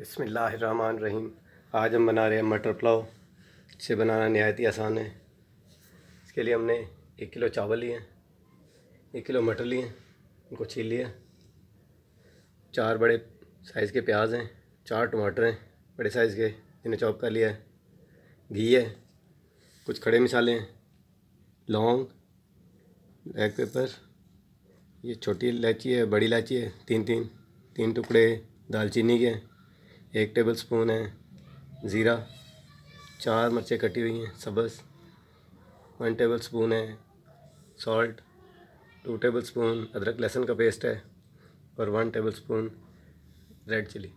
रहीम आज हम बना रहे हैं मटर पुलाव इसे बनाना नहायत ही आसान है इसके लिए हमने एक किलो चावल लिए एक किलो मटर लिए उनको छील लिया चार बड़े साइज़ के प्याज हैं चार टमाटर हैं बड़े साइज़ के जिन्हें चॉप कर लिया है घी है कुछ खड़े मिसाले हैं लौंग ब्लैक पेपर ये छोटी इलायची है बड़ी इलायची है तीन तीन तीन टुकड़े दालचीनी के एक टेबल स्पून है ज़ीरा चार मिर्चें कटी हुई हैं सब्ज़ वन टेबल स्पून है सॉल्ट टू टेबल स्पून अदरक लहसुन का पेस्ट है और one tablespoon red chilli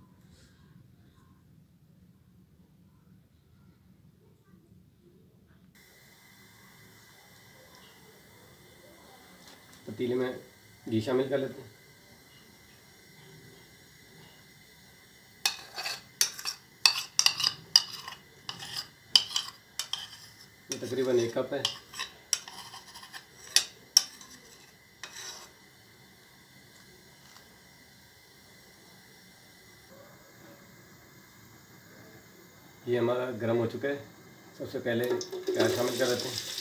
पतीले में घी शामिल कर लेते हैं तकरीबन एक कप है ये हमारा गर्म हो चुका है सबसे पहले प्याज शामिल कर देते हैं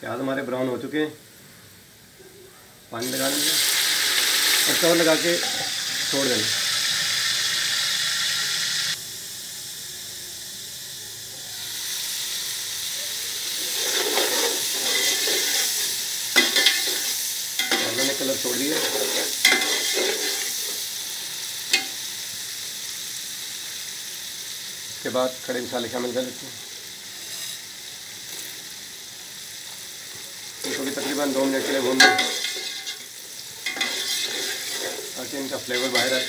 प्याज हमारे ब्राउन हो चुके हैं पानी लगा देंगे और कवर लगा के छोड़ देंगे मैंने कलर छोड़ दिया बाद खड़े मसाले शामिल कर लेते हैं तकरीबन दो मिनट के लिए भून ताकि इनका फ्लेवर बाहर आए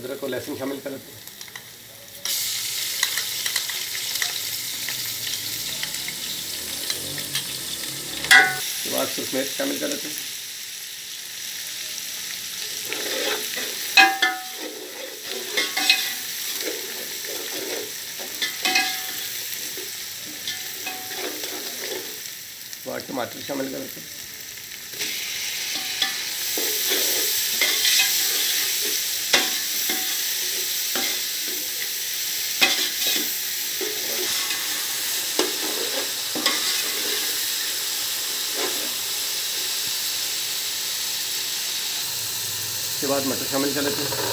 अदरक को लहसुन शामिल कर लेते हैं बाद सुख मिर्च शामिल कर लेते हैं टमाटर शामिल कर दें उसके बाद मटर शामिल कर लेते हैं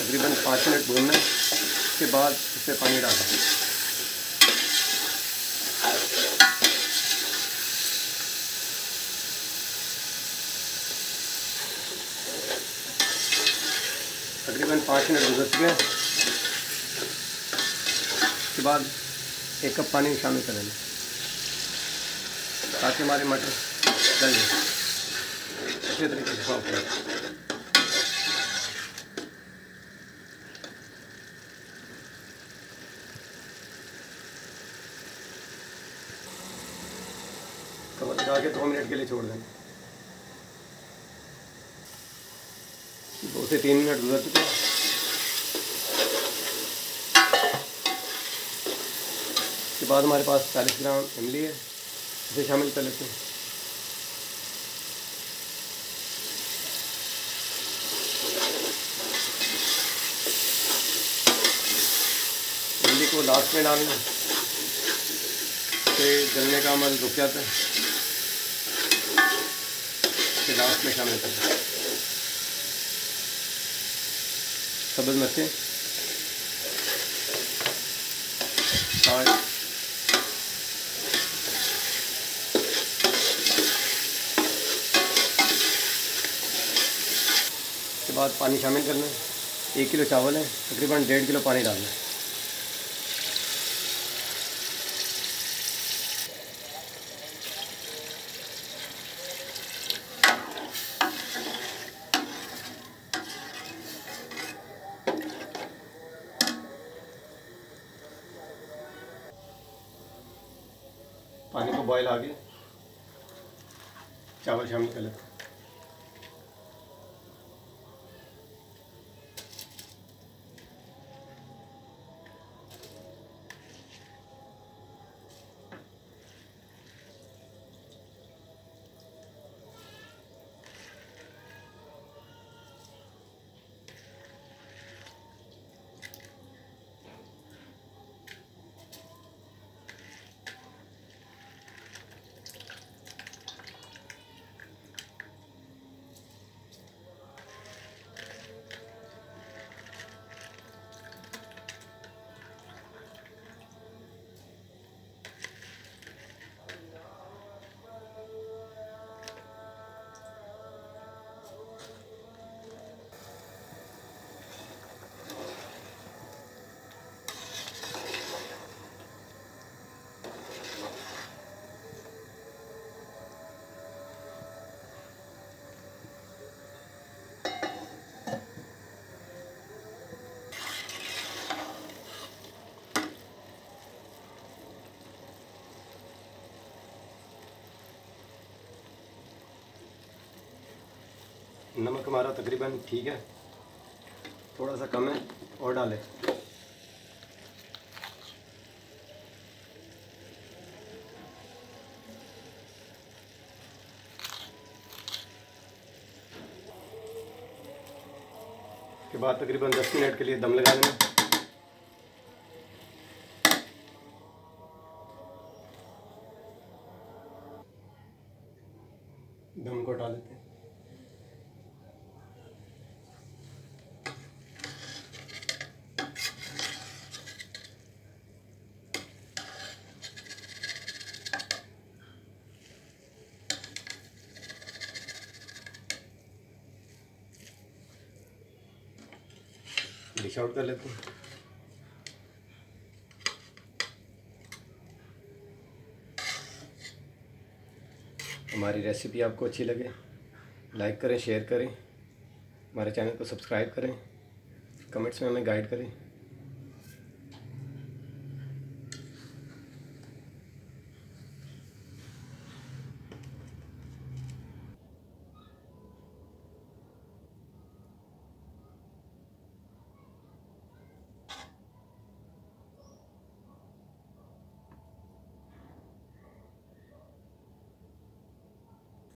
तकरीबन पाँच मिनट भूनना है उसके बाद इसमें पानी डाल तकरीबन पाँच मिनट गुजर चुके हैं उसके बाद एक कप पानी शामिल कर लेंगे ताकि हमारे मटर जल जाए अच्छे तरीके से साफ के दो मिनट के लिए छोड़ देना दो से तीन मिनट गुजर चुके हैं इसके बाद हमारे पास चालीस ग्राम इमली है इसे शामिल कर लेते हैं इमली को लास्ट में डालना से जलने का अमल रुक जाता है के लास्ट में शामिल करते हैं सब्ज़ मिर्चें बाद पानी शामिल करना है एक किलो चावल है तकरीबन डेढ़ किलो पानी डालना है पानी को बॉयल आगे चावल शामिल कर लेते नमक हमारा तकरीबन ठीक है थोड़ा सा कम है और डालें के बाद तकरीबन दस मिनट के लिए दम लगा देना दम को डाल देते हैं डिश आउट कर लेते हैं हमारी रेसिपी आपको अच्छी लगे लाइक करें शेयर करें हमारे चैनल को सब्सक्राइब करें कमेंट्स में हमें गाइड करें